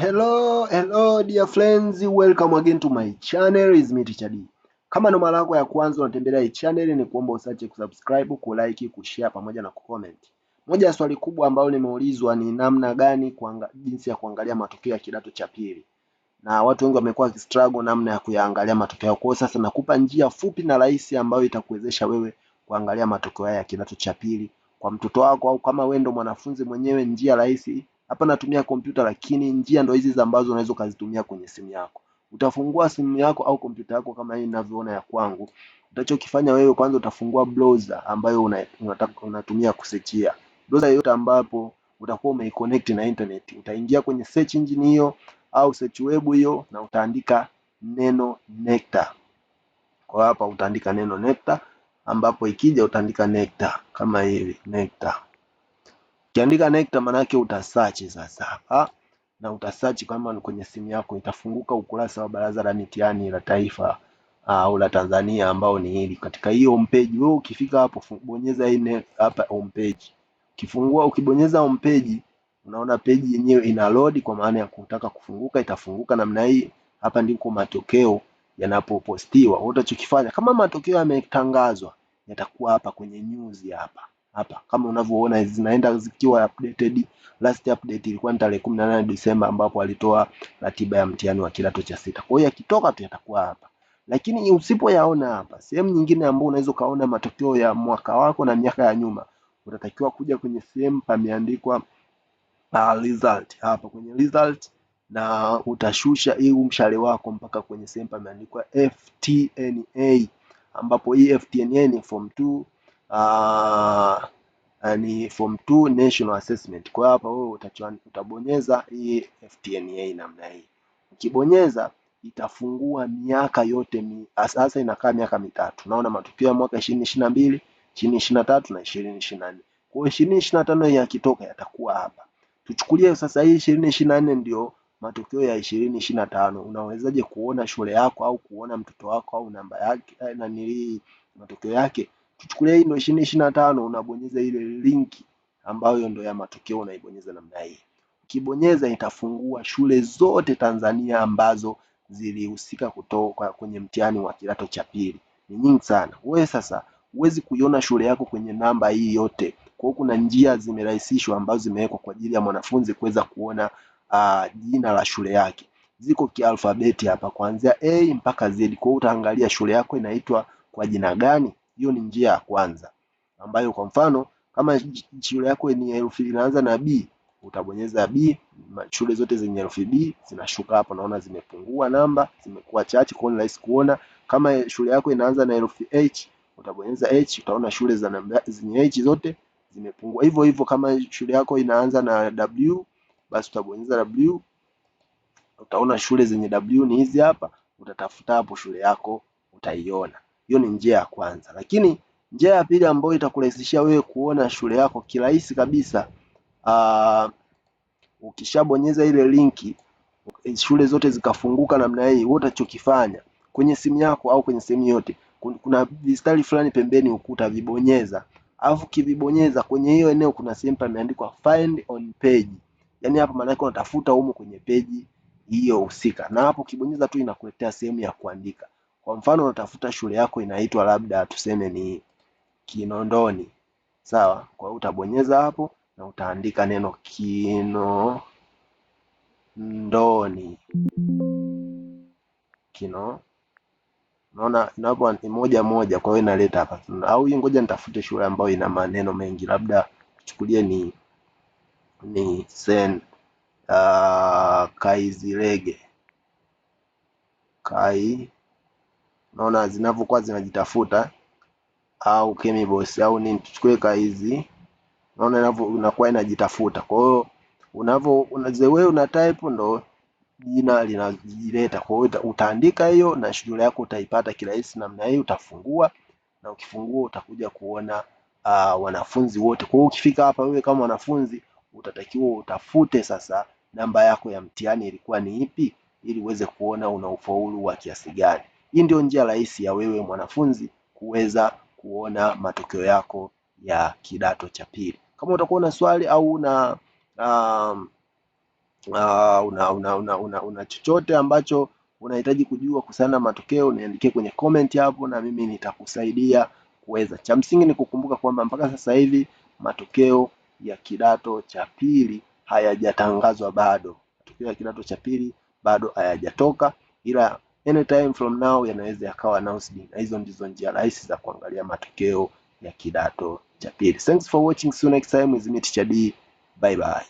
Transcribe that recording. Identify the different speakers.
Speaker 1: Hello, hello dear friends, welcome again to my channel is me Teacher D. Kama ndo mara yako ya kwanza unatembelea hii channel, ni kuomba usache kusubscribe, kulike, kushare pamoja na kucomment. Moja ya swali kubwa ambalo nimeulizwa ni namna gani kuanga, jinsi ya kuangalia matokeo ya kidato cha pili, na watu wengi wamekuwa wakistruggle namna ya kuyaangalia matokeo. Kwa sasa nakupa njia fupi na rahisi ambayo itakuwezesha wewe kuangalia matokeo haya ya kidato cha pili kwa mtoto wako, au kama wewe ndo mwanafunzi mwenyewe, njia rahisi hapa natumia kompyuta, lakini njia ndo hizi ambazo unaweza ukazitumia kwenye simu yako. Utafungua simu yako au kompyuta yako kama hii ninavyoona ya kwangu. Utachokifanya wewe, kwanza utafungua browser ambayo unataka unatumia kusechia, browser yoyote ambapo utakuwa umeiconnect na internet. Utaingia kwenye search engine hiyo au search web hiyo, na utaandika neno NECTA. Kwa hapa utaandika neno NECTA, ambapo ikija utaandika NECTA kama hivi NECTA. Ukiandika NECTA manake yake utasearch sasa hapa na utasearch kama kwenye simu yako itafunguka ukurasa wa Baraza la Mitihani la Taifa ah, au uh, la Tanzania ambao ni hili. Katika hiyo homepage wewe ukifika hapo bonyeza hii hapa homepage. Ukifungua ukibonyeza homepage unaona page yenyewe ina load kwa maana ya kutaka kufunguka itafunguka namna hii. Hapa ndiko matokeo yanapopostiwa. Wewe Utachokifanya kama matokeo yametangazwa yatakuwa hapa kwenye news hapa hapa kama unavyoona zinaenda zikiwa updated. Last update ilikuwa ni tarehe 18 Disemba ambapo alitoa ratiba ya mtihani wa kidato cha sita. Kwa hiyo akitoka tu yatakuwa hapa, lakini usipoyaona hapa, sehemu nyingine ambayo unaweza ukaona matokeo ya mwaka wako na miaka ya nyuma, utatakiwa kuja kwenye sehemu pameandikwa uh, result hapa kwenye result na utashusha hii mshale wako mpaka kwenye sehemu pameandikwa FTNA ambapo hii FTNA ni form uh, ni form 2 national assessment. Kwa hapa wewe utabonyeza hii FTNA namna hii, ukibonyeza itafungua miaka yote mi, sasa inakaa miaka mitatu. Naona matukio ya mwaka 2022, 2023 na 2024. Kwa hiyo 2025 yakitoka yatakuwa hapa. Tuchukulie sasa hii 2024 ndio matokeo ya 2025. Unawezaje kuona shule yako au kuona mtoto wako au namba yake eh, na nili matokeo yake? tuchukulia hii ndo ishirini ishirini na tano unabonyeza ile linki ambayo ndo ya matokeo unaibonyeza namna hii. Ukibonyeza itafungua shule zote Tanzania ambazo zilihusika kutoka kwenye mtihani wa kidato cha pili. Ni nyingi sana. Wewe sasa huwezi kuiona shule yako kwenye namba hii yote. Kwa hiyo kuna njia zimerahisishwa ambazo zimewekwa kwa ajili ya mwanafunzi kuweza kuona uh, jina la shule yake. Ziko kialfabeti hapa kuanzia A mpaka Z. Kwa hiyo utaangalia shule yako inaitwa kwa jina gani hiyo ni njia ya kwanza ambayo kwa mfano kama shule yako ni herufi inaanza na B, utabonyeza B. Shule zote zenye herufi B zinashuka hapo, naona zimepungua namba, zimekuwa chache, kwa ni rahisi kuona. Kama shule yako inaanza na herufi H, utabonyeza H, utaona shule za namba zenye H zote zimepungua. Hivyo hivyo kama shule yako inaanza na W, basi utabonyeza W, utaona shule zenye W ni hizi hapa, utatafuta hapo shule yako utaiona. Hiyo ni njia ya kwanza, lakini njia ya pili ambayo itakurahisishia wewe kuona shule yako kirahisi kabisa, uh, ukishabonyeza ile linki shule zote zikafunguka namna hii, wewe utachokifanya kwenye simu yako au kwenye sehemu yote, kuna vistari fulani pembeni ukuta vibonyeza, alafu kivibonyeza kwenye hiyo eneo kuna sehemu pameandikwa find on page, yani hapo maana yake unatafuta humo kwenye page hiyo husika, na hapo ukibonyeza tu inakuletea sehemu ya kuandika. Kwa mfano unatafuta shule yako inaitwa labda tuseme ni Kinondoni, sawa? Kwa hiyo utabonyeza hapo na utaandika neno Kinondoni. Kino unaona inapo ni moja moja, kwa hiyo inaleta hapa. Au hii ngoja nitafute shule ambayo ina maneno mengi, labda chukulie ni ni Sen uh, Kaizilege Kai naona zinavyokuwa zinajitafuta au chemicals au nini, tuchukue ka hizi, naona inavyo inakuwa inajitafuta. Kwa hiyo unavyo unaze wewe una type ndo jina linajileta. Kwa hiyo utaandika hiyo na shughuli yako utaipata kirahisi namna hii, utafungua na ukifungua utakuja kuona uh, wanafunzi wote. Kwa hiyo ukifika hapa wewe kama wanafunzi utatakiwa utafute sasa namba yako ya mtihani ilikuwa ni ipi, ili uweze kuona una ufaulu wa kiasi gani. Hii ndio njia rahisi ya wewe mwanafunzi kuweza kuona matokeo yako ya kidato cha pili. Kama utakuwa na swali au una uh, uh, una, una, una, una, una chochote ambacho unahitaji kujua kuhusiana na matokeo, niandikie kwenye comment hapo na mimi nitakusaidia kuweza. Cha msingi ni kukumbuka kwamba mpaka sasa hivi matokeo ya kidato cha pili hayajatangazwa bado. Matokeo ya kidato cha pili bado hayajatoka, ila anytime from now yanaweza yakawa announced, na hizo ndizo njia rahisi za kuangalia matokeo ya kidato cha pili. Thanks for watching, see you next time with me Teacher D. Bye bye.